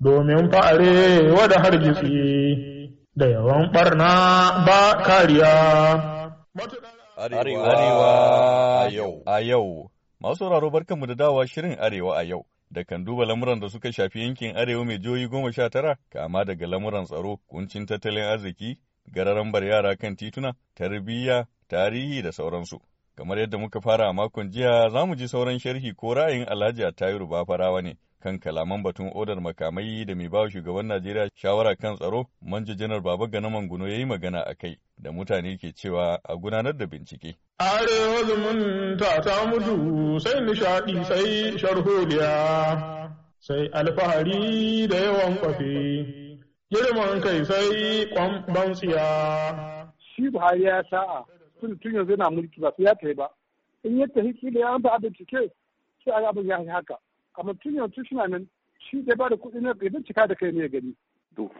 domin fa'are wada hargitsi da yawan ɓarna ba kariya. Arewa a yau. Masu sauraro barkanmu da dawa shirin Arewa a yau. da kan duba lamuran da suka shafi yankin arewa mai joyi goma sha tara kama daga lamuran tsaro kuncin tattalin arziki gararambar yara kan tituna tarbiyya tarihi da sauransu kamar yadda muka fara a makon jiya za mu ji sauran sharhi ko ra'ayin alhaji a bafarawa ne kan kalaman batun odar makamai da mai bawa shugaban Najeriya shawara kan tsaro, manja janar Baba Gana Manguno ya yi magana a kai da mutane ke cewa a gudanar da bincike. Arewa zumunta ta mutu sai nishaɗi sai sharholiya sai alfahari da yawan kwafi. girman kai sai kwamban tsiya. Shi Buhari ya sa'a tun tun yanzu yana mulki ba su ya tai ba. In yadda tafi kila ya an ba bincike sai a abin ya haka. amma tun yanzu suna nan shi zai ba da kuɗi na bai cika da kai ne gani. To,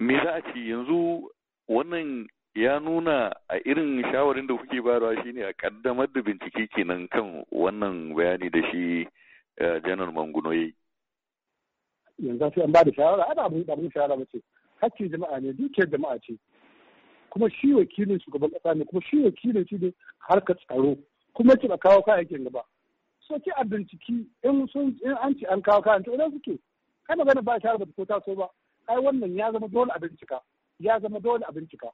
me za a ce yanzu wannan ya nuna a irin shawarin da kuke bayarwa shine a kaddamar da bincike kenan kan wannan bayani da shi eh, janar manguno ya yi. Yanzu sai an ba da shawara, ana abin da abin shawara mace, jama'a ne, dukiyar jama'a ce. Kuma shi wakilin shugaban ƙasa ne, kuma shi wakilin shi ne harkar tsaro, kuma ce ba kawo kayayyakin gaba. soki a binciki in sun in an ci an kawo kayan to suke kai magana ba ta rubuta ko ta so ba ai wannan ya zama dole a bincika ya zama dole a bincika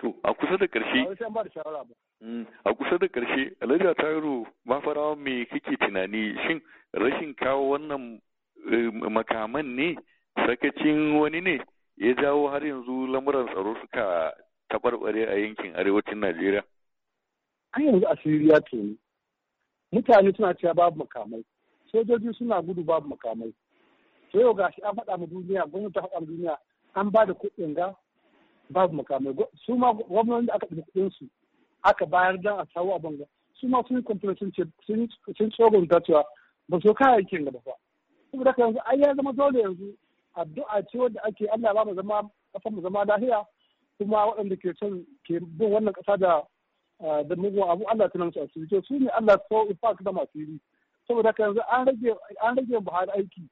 to a kusa da karshe mm, a kusa da karshe alhaji taro mafarawa me kake tunani shin rashin kawo wannan eh, makaman ne sakacin wani ne ya jawo har yanzu lamuran tsaro suka tabarbare a yankin arewacin najeriya an yanzu a siriya ke ne mutane suna cewa babu makamai sojoji suna gudu babu makamai to yau gashi an faɗa mu duniya gwamnati ta faɗa mu duniya an ba da kuɗin ga babu makamai su ma gwamnati da aka ɗauki kuɗin su aka bayar da a sawo a banga su ma sun yi sun ce sun tsogon ta cewa ba su kayayyakin gaba ba saboda haka yanzu ai ya zama dole yanzu addu'a ce wanda ake Allah ba mu zama kafa mu zama lafiya kuma waɗanda ke son ke bin wannan ƙasa da da mugun abu Allah tana musu asiri to su ne Allah so in fact da asiri saboda kan yanzu an rage an rage Buhari aiki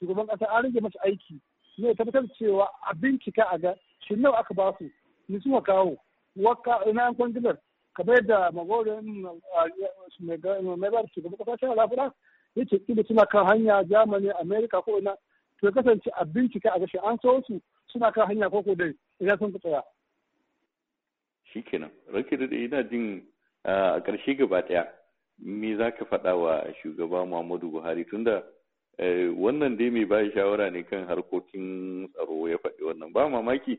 shugaban kasa an rage masa aiki ne tabbatar cewa a bincika a ga shin nawa aka ba su ni suka kawo wakka ina yan kwangilar kamar yadda magorin mai ba shugaban kasa shi alafura ya ce kila suna kan hanya Germany amerika ko ina to kasance a bincika a ga shi an so su suna kan hanya ko ko dai idan sun tsaya shikenan rake da ina jin a ƙarshe gaba ɗaya me za ka faɗa wa shugaba muhammadu buhari tunda eh, wannan dai mai bayi shawara ne kan harkokin tsaro ya faɗi wannan ba mamaki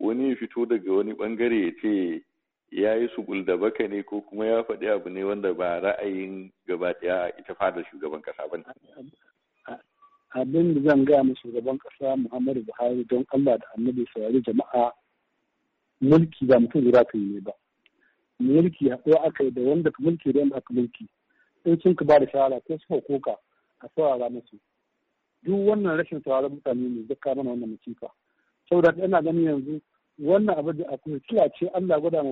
wani ya fito daga wani ɓangare ya ce ya yi su baka ne ko kuma ya faɗi abu ne wanda ba ra'ayin gaba ɗaya ita fadar shugaban kasa ba abin da zan gaya ma shugaban kasa muhammadu buhari don allah da annabi saurari jama'a mulki ba mutum guda ka yi ba mulki haɗuwa aka yi da wanda ka mulki da wanda aka mulki in sun ka ba da shawara ko suka koka a saurara musu duk wannan rashin saurara mutane ne zaka mana wannan musifa saboda ina ganin yanzu wannan abin da akwai kila ce Allah gwada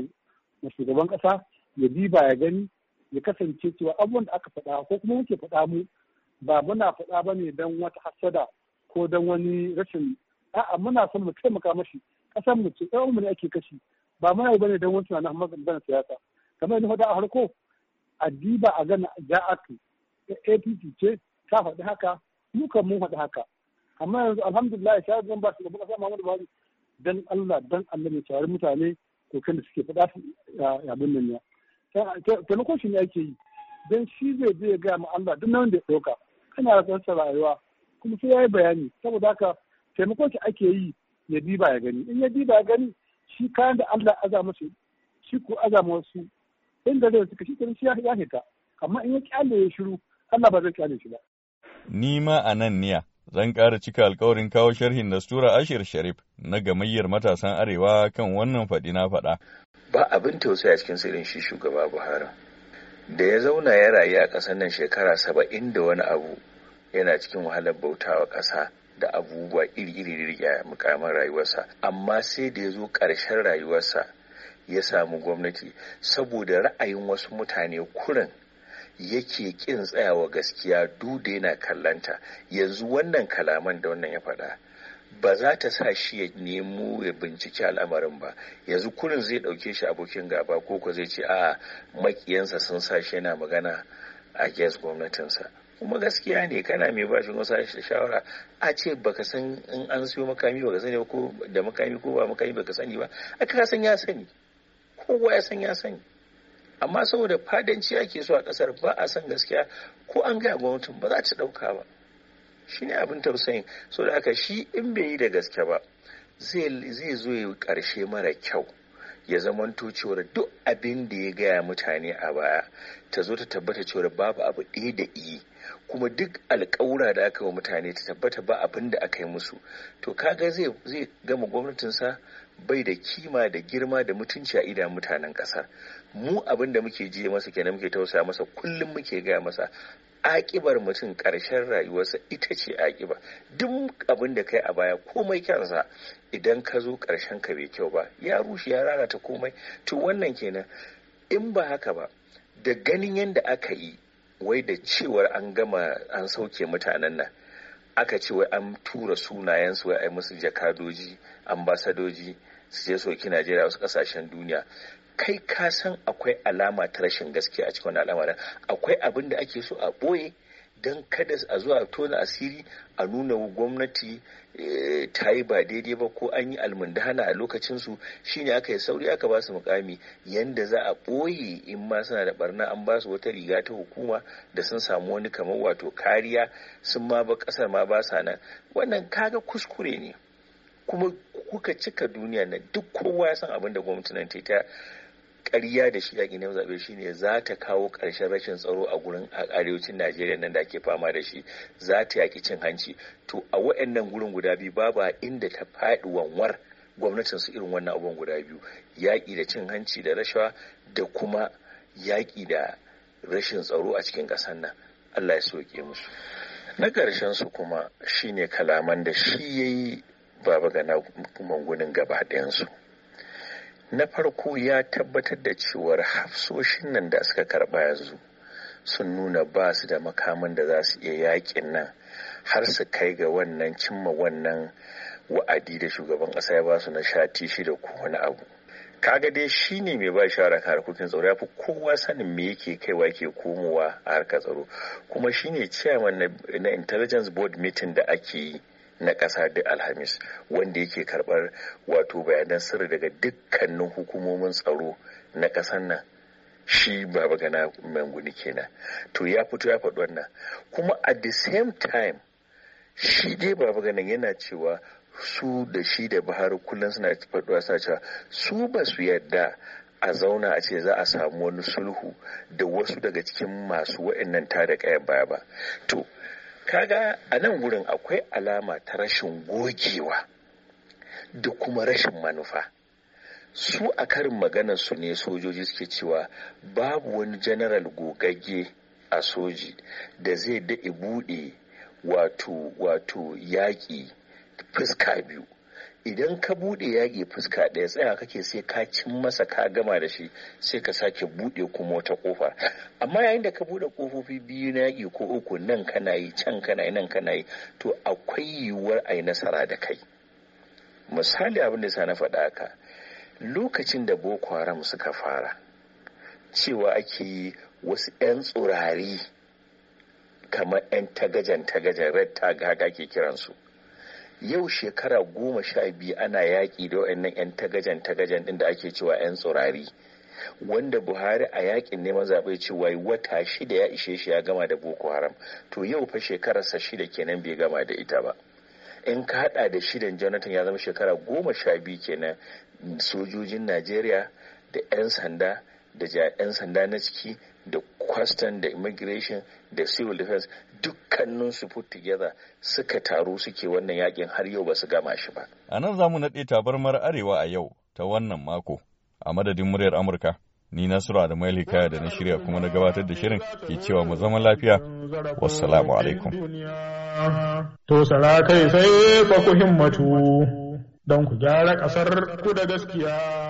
ma shugaban ƙasa ya diba ya gani ya kasance cewa abubuwan da aka faɗa ko kuma muke faɗa mu ba muna faɗa ba ne don wata hasada ko don wani rashin a'a muna son mu taimaka mashi kasan mu ce ƴan mu ne ake kashi ba ba bane don wani tunanin amma zan siyasa kamar yadda faɗa a harko addiba a gana aka APC ce ta faɗi haka kan mun faɗi haka amma yanzu alhamdulillah ya zan ba su gaban ƙasa Muhammadu Buhari dan Allah dan Allah ne tare mutane ko kan da suke faɗa bin nan ya na shi ne ake yi dan shi zai je ya gaya ma Allah duk nan da ya ɗauka kana rasa rayuwa kuma sai ya yi bayani saboda haka taimakon shi ake yi ya diba ya gani in ya diba ya gani shi kayan da Allah aza masu shi ko aza wasu inda zai suka shi kan shi ya hita amma in ya kyale ya shiru Allah ba zai kyale shi ba ni ma a nan niya zan ƙara cika alkawarin kawo sharhin da Nastura Ashir Sharif na gamayyar matasan Arewa kan wannan faɗi na faɗa. Ba abin tausayi a cikin sirrin shi shugaba Buhari. Da ya zauna ya rayu a ƙasar nan shekara saba'in da wani abu yana cikin wahalar bautawa ƙasa da abubuwa iri-iri da mukamin rayuwarsa amma sai da ya zo ƙarshen rayuwarsa ya samu gwamnati saboda ra'ayin wasu mutane kurin yake ƙin tsayawa gaskiya Dude yana kallanta yanzu wannan kalaman da wannan ya faɗa ba za ta sa shi ya nemo ya binciki al'amarin ba yanzu kurin zai ɗauke shi abokin gaba ko ko zai ce a makiyansa sun sa shi yana magana a gas gwamnatinsa kuma gaskiya ne kana mai ba shugaban shawara a ce baka san in an siyo makami baka sani ko da makami ko ba makami baka sani ba a ka san ya sani kowa ya san ya sani amma saboda fadanci ake so a kasar ba a san gaskiya ko an ga gwamnatin ba za ta dauka ba shi ne abin tausayin so da haka shi in bai yi da gaske ba zai zo ya karshe mara kyau ya zamanto cewar duk abin da ya gaya mutane a baya ta zo ta tabbata cewar babu abu ɗaya da iya kuma duk alkawura da aka wa mutane ta tabbata ba abin da aka yi musu to kaga zai zai gama gwamnatinsa bai da kima da girma da mutunci a idan mutanen ƙasa mu abin da muke jiye masa kenan muke tausaya masa kullum muke gaya masa akibar mutum ƙarshen rayuwarsa ita ce akiba duk abin da kai a baya komai kyansa idan ka zo karshen ka bai kyau ba ya rushe ya rarata komai to wannan kenan in ba haka ba da ganin yadda aka yi wai da cewar an gama an sauke mutanen nan aka ce wai an tura sunayensu wai ai musu jakadoji ambasadoji su je soki najeriya wasu kasashen duniya kai ka san akwai alama ta rashin gaskiya a cikin wani al'amarin akwai abin da ake so a ɓoye don kada a zuwa tona asiri a nuna gwamnati eh, ta yi ba daidai ba ko an yi almundahana a lokacinsu shine aka yi sauri aka ba su mukami yanda za a ɓoye in ma suna da barna an ba su wata riga ta hukuma da sun samu wani kamar wato kariya sun ma ba ƙasar ma ba sa nan wannan kaga kuskure ne kuma kuka cika duniya na duk kowa ya san abin da gwamnati nan ta ƙarya da shi yaƙi neman zaɓe shine za ta kawo ƙarshen rashin tsaro a gurin arewacin najeriya nan da ake fama da shi za ta yaƙi cin hanci to a waɗannan gurin guda biyu babu inda ta faɗi wanwar gwamnatin su irin wannan abubuwan guda biyu yaƙi da cin hanci da rashawa da kuma yaƙi da rashin tsaro a cikin ƙasar nan allah ya soke musu na ƙarshen su kuma shine kalaman da shi yayi baba ga na gaba gaba ɗayansu na farko ya tabbatar da cewar hafsoshin nan da suka karba yanzu sun nuna ba su da makaman da za su iya yakin nan har su kai ga wannan cimma wannan wa'adi da shugaban ƙasa ya ba su na shati shi da kowane abu kaga dai shi ne mai ba shawara kan harkokin tsaro ya fi kowa sanin me yake kaiwa yake komowa a harkar tsaro kuma shi ne chairman na intelligence board meeting da ake yi na ƙasa duk alhamis wanda yake karɓar wato bayanan sirri daga dukkanin hukumomin tsaro na ƙasar nan shi baba gana manguni kenan to ya fito ya faɗi wannan kuma at the same time shi dai baba gana yana cewa su da shi da bahar kullum suna faɗuwa sa cewa su ba su yarda a zauna a ce za a samu wani sulhu da wasu daga cikin masu wa'annan tada kayan baya ba to kaga a nan wurin akwai alama ta rashin gogewa da kuma rashin manufa su a karin maganar su ne sojoji suke cewa babu wani janaral gogagge a soji da zai daɗe buɗe wato wato yaƙi fuska biyu idan ka buɗe yaƙi fuska ɗaya tsaya kake sai ka cin masa ka gama da shi sai ka sake buɗe kuma wata ƙofa amma yayin da ka buɗe kofofi biyu na yaƙi ko uku nan kana yi can kana yi nan kana yi to akwai yiwuwar a yi nasara da kai misali abin da sa na faɗa haka lokacin da boko haram suka fara cewa ake yi wasu 'yan tsurari kamar 'yan tagajen tagajen red tag haka ke kiransu yau shekara goma sha biyu ana yaƙi da waɗannan 'yan tagajen-tagajen ɗin da ake cewa 'yan tsurari wanda buhari a yakin neman zaɓe cewa wata shida ya ishe shi ya gama da boko haram to yau fa shekararsa shida kenan bai gama da ita ba in ka hada da shidan jonathan ya zama shekara goma sha biyu kenan sojojin najeriya da 'yan sanda da 'yan sanda na ciki da kwastan, da immigration da civil defense dukkanin su put together suka taru suke wannan yakin har yau ba su gama shi ba. A nan za mu naɗe tabarmar arewa a yau ta wannan mako a madadin muryar Amurka. Ni Nasiru da Hikaya da na shirya kuma na gabatar da shirin ke cewa mu zama lafiya. Wassalamu alaikum. To sala kai sai fa ku himmatu don ku gyara ƙasar ku da gaskiya.